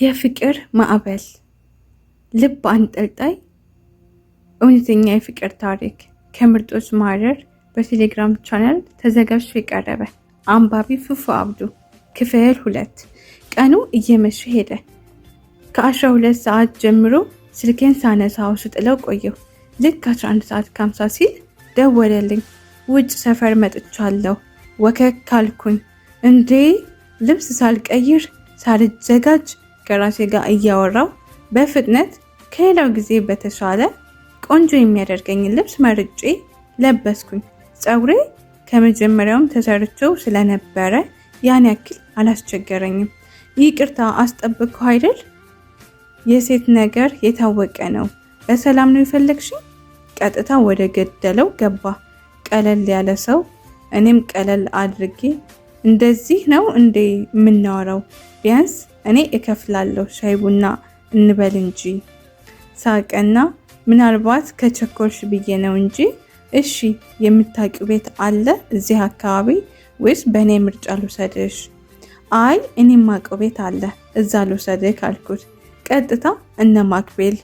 የፍቅር ማዕበል ልብ አንጠልጣይ እውነተኛ የፍቅር ታሪክ ከምርጦች ማህደር በቴሌግራም ቻናል ተዘጋጅቶ የቀረበ አንባቢ ፍፉ አብዱ ክፍል ሁለት ቀኑ እየመሸ ሄደ። ከአስራ ሁለት ሰዓት ጀምሮ ስልኬን ውስጥ ጥለው ቆየው። ልክ 11 ሰዓት ከምሳ ሲል ደወለልኝ። ውጭ ሰፈር መጥቻለሁ ወከክ ካልኩኝ እንዴ ልብስ ሳልቀይር ሳልዘጋጅ ከራሴ ጋር እያወራው በፍጥነት ከሌላው ጊዜ በተሻለ ቆንጆ የሚያደርገኝን ልብስ መርጬ ለበስኩኝ። ፀጉሬ ከመጀመሪያውም ተሰርቶ ስለነበረ ያን ያክል አላስቸገረኝም። ይቅርታ አስጠብቅኩ አይደል? የሴት ነገር የታወቀ ነው። በሰላም ነው የፈለግሽኝ? ቀጥታ ወደ ገደለው ገባ። ቀለል ያለ ሰው፣ እኔም ቀለል አድርጌ እንደዚህ ነው እንዴ የምናወራው? ቢያንስ እኔ እከፍላለሁ ሻይ ቡና እንበል እንጂ ሳቀና ምናልባት ከቸኮርሽ ብዬ ነው እንጂ እሺ የምታውቂው ቤት አለ እዚህ አካባቢ ወይስ በእኔ ምርጫ ልውሰድሽ? አይ እኔ ማውቀው ቤት አለ እዛ ልውሰድህ አልኩት። ቀጥታ እነ ማክቤል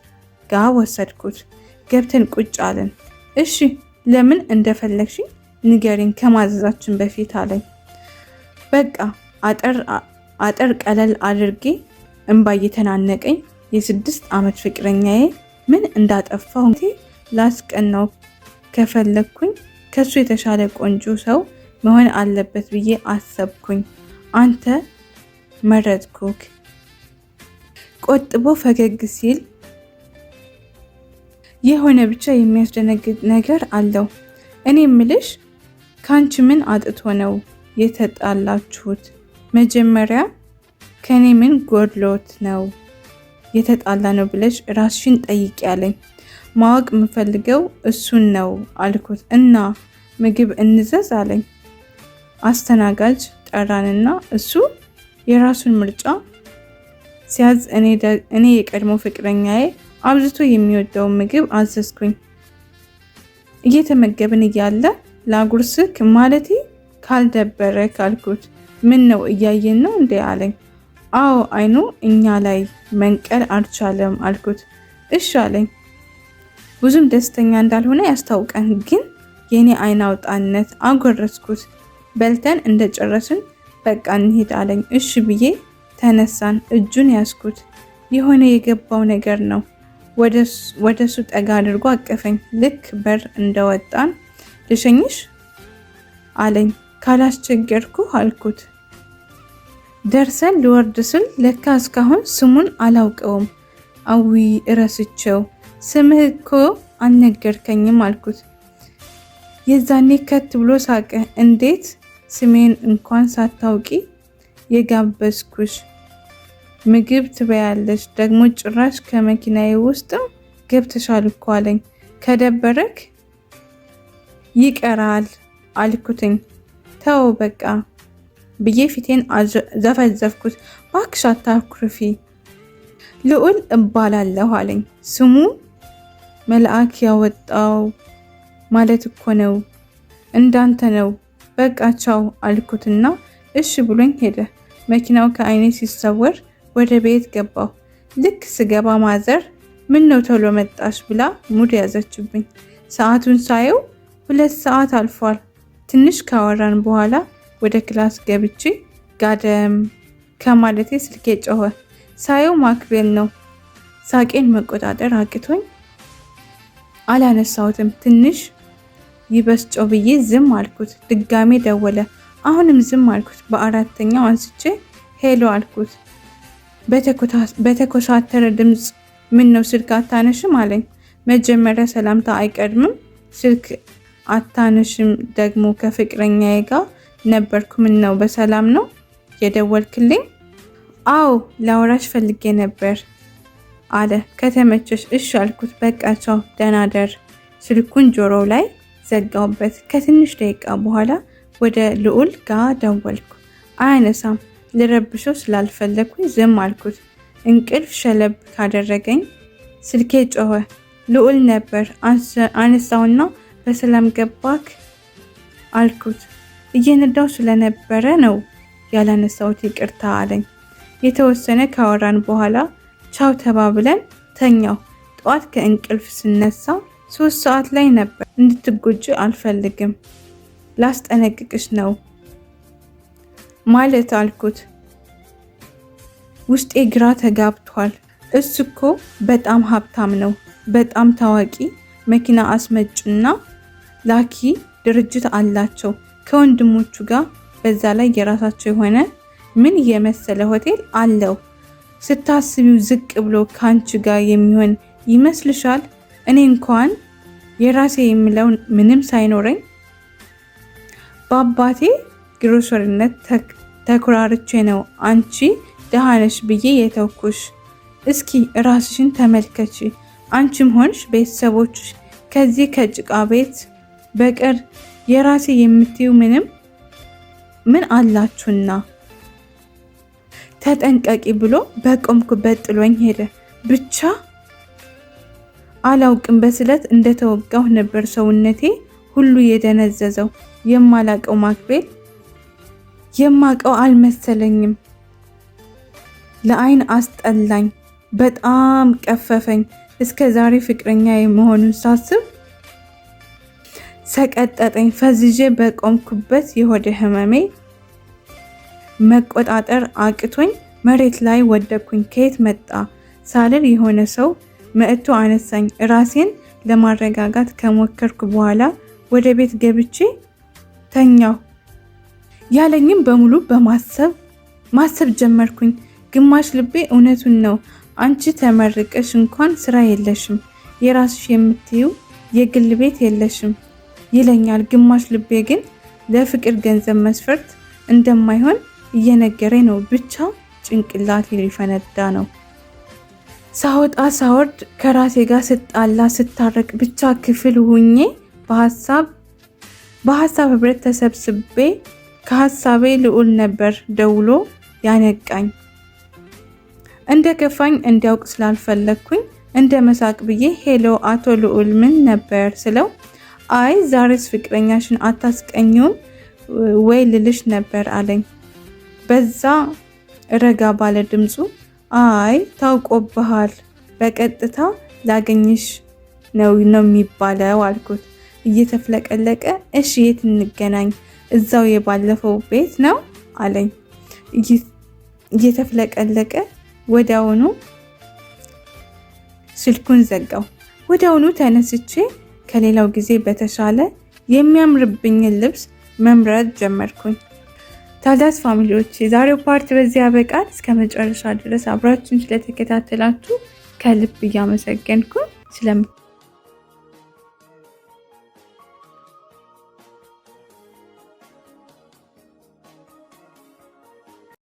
ጋ ወሰድኩት። ገብተን ቁጭ አለን። እሺ ለምን እንደፈለግሽ ንገሪን ከማዘዛችን በፊት አለኝ። በቃ አጠር አጥር ቀለል አድርጌ እንባ እየተናነቀኝ የስድስት ዓመት ፍቅረኛዬ ምን እንዳጠፋሁ ላስቀናው ከፈለግኩኝ ከሱ የተሻለ ቆንጆ ሰው መሆን አለበት ብዬ አሰብኩኝ። አንተ መረጥኩክ። ቆጥቦ ፈገግ ሲል የሆነ ብቻ የሚያስደነግጥ ነገር አለው። እኔ ምልሽ ከአንቺ ምን አጥቶ ነው የተጣላችሁት? መጀመሪያ ከኔ ምን ጎድሎት ነው የተጣላ ነው ብለሽ ራስሽን ጠይቅ ያለኝ። ማወቅ የምፈልገው እሱን ነው አልኩት እና ምግብ እንዘዝ አለኝ። አስተናጋጅ ጠራንና እሱ የራሱን ምርጫ ሲያዝ እኔ የቀድሞ ፍቅረኛዬ አብዝቶ የሚወደውን ምግብ አዘዝኩኝ። እየተመገብን እያለ ላጉርስክ ማለቴ ካልደበረ ካልኩት ምን ነው እያየን ነው እንዴ አለኝ። አዎ አይኑ እኛ ላይ መንቀል አልቻለም አልኩት። እሺ አለኝ። ብዙም ደስተኛ እንዳልሆነ ያስታውቀን፣ ግን የኔ አይን አውጣነት አጎረስኩት። በልተን እንደጨረስን በቃ እንሂድ አለኝ። እሺ ብዬ ተነሳን። እጁን ያስኩት የሆነ የገባው ነገር ነው። ወደሱ ጠጋ አድርጎ አቀፈኝ። ልክ በር እንደወጣን ልሸኝሽ አለኝ። ካላስቸገርኩ አልኩት። ደርሰን ልወርድ ስል ለካ እስካሁን ስሙን አላውቀውም። አዊ እረስቸው ስምህ እኮ አልነገርከኝም አልኩት። የዛኔ ከት ብሎ ሳቀ። እንዴት ስሜን እንኳን ሳታውቂ የጋበዝኩሽ ምግብ ትበያለሽ፣ ደግሞ ጭራሽ ከመኪናዬ ውስጥም ገብተሻል እኮ አለኝ። ከደበረክ ይቀራል አልኩትኝ። ተው በቃ ብዬ ፊቴን ዘፈዘፍኩት። እባክሽ አታኩርፊ፣ ልዑል እባላለሁ አለኝ። ስሙ መልአክ ያወጣው ማለት እኮ ነው። እንዳንተ ነው። በቃቻው ቻው አልኩትና እሺ ብሎኝ ሄደ። መኪናው ከአይኔ ሲሰወር ወደ ቤት ገባሁ። ልክ ስገባ ማዘር ምን ነው ቶሎ መጣሽ ብላ ሙድ ያዘችብኝ። ሰዓቱን ሳየው ሁለት ሰዓት አልፏል። ትንሽ ካወራን በኋላ ወደ ክላስ ገብቼ ጋደም ከማለቴ ስልኬ ጮኸ። ሳየው ማክቤል ነው። ሳቄን መቆጣጠር አቅቶኝ አላነሳሁትም። ትንሽ ይበስጮ ብዬ ዝም አልኩት። ድጋሜ ደወለ። አሁንም ዝም አልኩት። በአራተኛው አንስቼ ሄሎ አልኩት። በተኮሳተረ ድምፅ ምን ነው ስልክ አታነሽም አለኝ። መጀመሪያ ሰላምታ አይቀድምም? ስልክ አታነሽም ደግሞ ከፍቅረኛዬ ጋር ነበርኩ። ምን ነው በሰላም ነው የደወልክልኝ? አዎ ላውራሽ ፈልጌ ነበር አለ። ከተመቸሽ እሽ አልኩት። በቃ ቻው፣ ደህና ደር። ስልኩን ጆሮ ላይ ዘጋውበት። ከትንሽ ደቂቃ በኋላ ወደ ልዑል ጋ ደወልኩ። አያነሳም። ልረብሸው ስላልፈለግኩኝ ዝም አልኩት። እንቅልፍ ሸለብ ካደረገኝ ስልኬ ጮኸ። ልዑል ነበር። አነሳውና በሰላም ገባክ አልኩት። እየነዳው ስለነበረ ነው ያላነሳሁት ይቅርታ አለኝ። የተወሰነ ካወራን በኋላ ቻው ተባብለን ተኛው። ጠዋት ከእንቅልፍ ስነሳ ሶስት ሰዓት ላይ ነበር። እንድትጎጂ አልፈልግም ላስጠነቅቅሽ ነው ማለት አልኩት። ውስጤ ግራ ተጋብቷል። እሱ እኮ በጣም ሀብታም ነው፣ በጣም ታዋቂ መኪና አስመጭና ላኪ ድርጅት አላቸው። ከወንድሞቹ ጋር በዛ ላይ የራሳቸው የሆነ ምን የመሰለ ሆቴል አለው። ስታስቢው ዝቅ ብሎ ከአንቺ ጋር የሚሆን ይመስልሻል? እኔ እንኳን የራሴ የምለው ምንም ሳይኖረኝ በአባቴ ግሮሰሪነት ተኩራርቼ ነው አንቺ ደሃነሽ ብዬ የተውኩሽ። እስኪ ራስሽን ተመልከች። አንቺም ሆንሽ ቤተሰቦች ከዚህ ከጭቃ ቤት በቀር የራሴ የምትዩ ምንም ምን አላችሁና ተጠንቀቂ ብሎ በቆምኩበት ጥሎኝ ሄደ። ብቻ አላውቅም በስለት እንደተወጋሁ ነበር ሰውነቴ ሁሉ የደነዘዘው። የማላቀው ማክቤል የማቀው አልመሰለኝም። ለአይን አስጠላኝ፣ በጣም ቀፈፈኝ። እስከ ዛሬ ፍቅረኛ የመሆኑን ሳስብ ሰቀጠጠኝ ፈዝዤ በቆምኩበት የሆደ ህመሜ መቆጣጠር አቅቶኝ መሬት ላይ ወደኩኝ። ከየት መጣ ሳልል የሆነ ሰው መጥቶ አነሳኝ። ራሴን ለማረጋጋት ከሞከርኩ በኋላ ወደ ቤት ገብቼ ተኛሁ። ያለኝም በሙሉ በማሰብ ማሰብ ጀመርኩኝ። ግማሽ ልቤ እውነቱን ነው። አንቺ ተመርቀሽ እንኳን ስራ የለሽም፣ የራስሽ የምትዩ የግል ቤት የለሽም ይለኛል። ግማሽ ልቤ ግን ለፍቅር ገንዘብ መስፈርት እንደማይሆን እየነገረ ነው። ብቻ ጭንቅላቴ ሊፈነዳ ነው። ሳወጣ ሳወርድ ከራሴ ጋር ስጣላ ስታረቅ ብቻ ክፍል ሁኜ በሀሳብ በሀሳብ ህብረት ተሰብስቤ ከሀሳቤ ልዑል ነበር ደውሎ ያነቃኝ። እንደ ከፋኝ እንዲያውቅ ስላልፈለግኩኝ እንደ መሳቅ ብዬ ሄሎ አቶ ልዑል ምን ነበር ስለው አይ ዛሬስ ፍቅረኛሽን አታስቀኙም ወይ ልልሽ ነበር አለኝ በዛ ረጋ ባለ ድምፁ። አይ ታውቆብሃል፣ በቀጥታ ላገኝሽ ነው ነው የሚባለው አልኩት እየተፍለቀለቀ። እሺ የት እንገናኝ? እዛው የባለፈው ቤት ነው አለኝ እየተፍለቀለቀ። ወዲያውኑ ስልኩን ዘጋው። ወዲያውኑ ተነስቼ ከሌላው ጊዜ በተሻለ የሚያምርብኝን ልብስ መምረጥ ጀመርኩኝ። ታዳስ ፋሚሊዎች የዛሬው ፓርት በዚህ ያበቃል። እስከ መጨረሻ ድረስ አብራችሁን ስለተከታተላችሁ ከልብ እያመሰገንኩኝ ስለምት